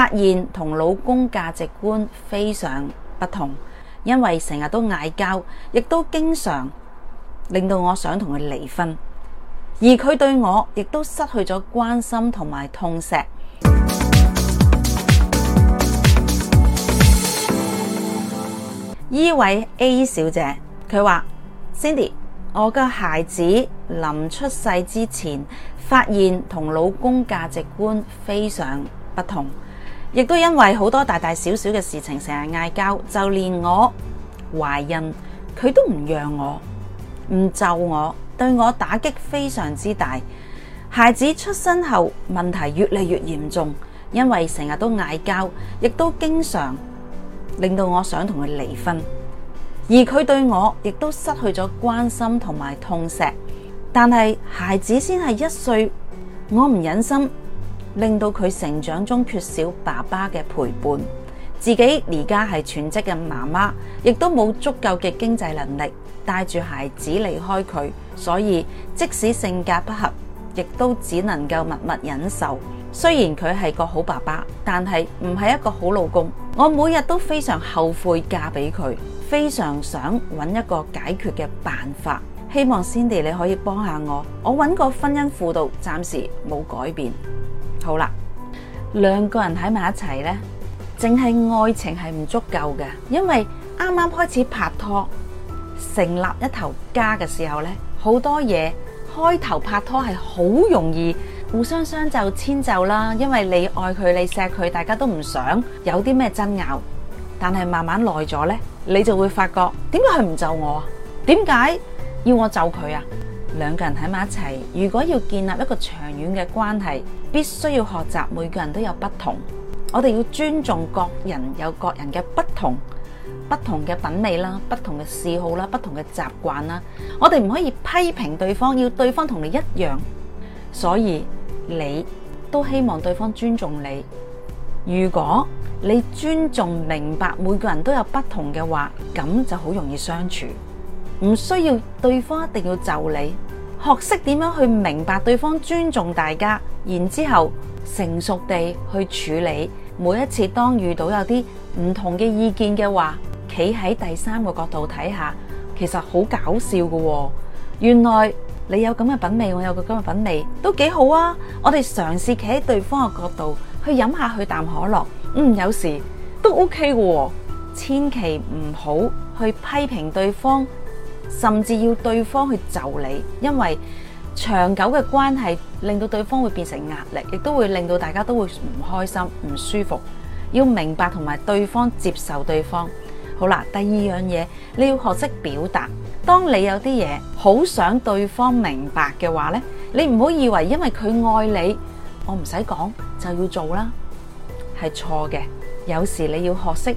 發現同老公價值觀非常不同，因為成日都嗌交，亦都經常令到我想同佢離婚。而佢對我亦都失去咗關心同埋痛錫。呢、 e、位 A 小姐，佢話 Cindy，我嘅孩子臨出世之前，發現同老公價值觀非常不同。亦都因為好多大大小小嘅事情成日嗌交，就連我懷孕，佢都唔讓我，唔就我，對我打擊非常之大。孩子出生後，問題越嚟越嚴重，因為成日都嗌交，亦都經常令到我想同佢離婚。而佢對我亦都失去咗關心同埋痛錫，但係孩子先係一歲，我唔忍心。令到佢成長中缺少爸爸嘅陪伴，自己而家係全職嘅媽媽，亦都冇足夠嘅經濟能力帶住孩子離開佢，所以即使性格不合，亦都只能夠默默忍受。雖然佢係個好爸爸，但係唔係一個好老公。我每日都非常後悔嫁畀佢，非常想揾一個解決嘅辦法。希望 Cindy 你可以幫下我，我揾個婚姻輔導，暫時冇改變。好啦，兩個人喺埋一齊呢，淨係愛情係唔足夠嘅，因為啱啱開始拍拖，成立一頭家嘅時候呢，好多嘢，開頭拍拖係好容易互相相就遷就啦，因為你愛佢，你錫佢，大家都唔想有啲咩爭拗，但係慢慢耐咗呢，你就會發覺點解佢唔就我啊？點解要我就佢啊？兩個人喺埋一齊，如果要建立一個長遠嘅關係，必須要學習每個人都有不同。我哋要尊重各人有各人嘅不同，不同嘅品味啦，不同嘅嗜好啦，不同嘅習慣啦。我哋唔可以批評對方，要對方同你一樣。所以你都希望對方尊重你。如果你尊重明白每個人都有不同嘅話，咁就好容易相處，唔需要對方一定要就你。學識點樣去明白對方，尊重大家，然之後成熟地去處理。每一次當遇到有啲唔同嘅意見嘅話，企喺第三個角度睇下，其實好搞笑㗎喎。原來你有咁嘅品味，我有個咁嘅品味，都幾好啊。我哋嘗試企喺對方嘅角度去飲下去啖可樂，嗯，有時都 OK 㗎喎。千祈唔好去批評對方。甚至要對方去就你，因為長久嘅關係令到對方會變成壓力，亦都會令到大家都會唔開心、唔舒服。要明白同埋對方接受對方。好啦，第二樣嘢，你要學識表達。當你有啲嘢好想對方明白嘅話呢，你唔好以為因為佢愛你，我唔使講就要做啦，係錯嘅。有時你要學識。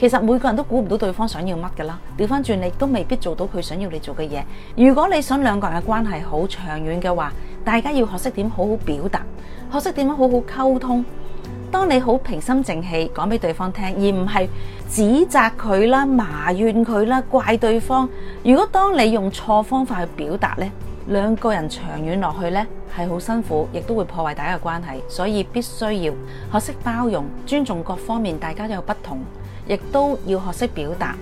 其實每個人都估唔到對方想要乜㗎啦。調翻轉，你都未必做到佢想要你做嘅嘢。如果你想兩個人嘅關係好長遠嘅話，大家要學識點好好表達，學識點樣好好溝通。當你好平心靜氣講俾對方聽，而唔係指責佢啦、埋怨佢啦、怪對方。如果當你用錯方法去表達呢，兩個人長遠落去呢，係好辛苦，亦都會破壞大家嘅關係。所以必須要學識包容、尊重各方面，大家都有不同。亦都要學識表達。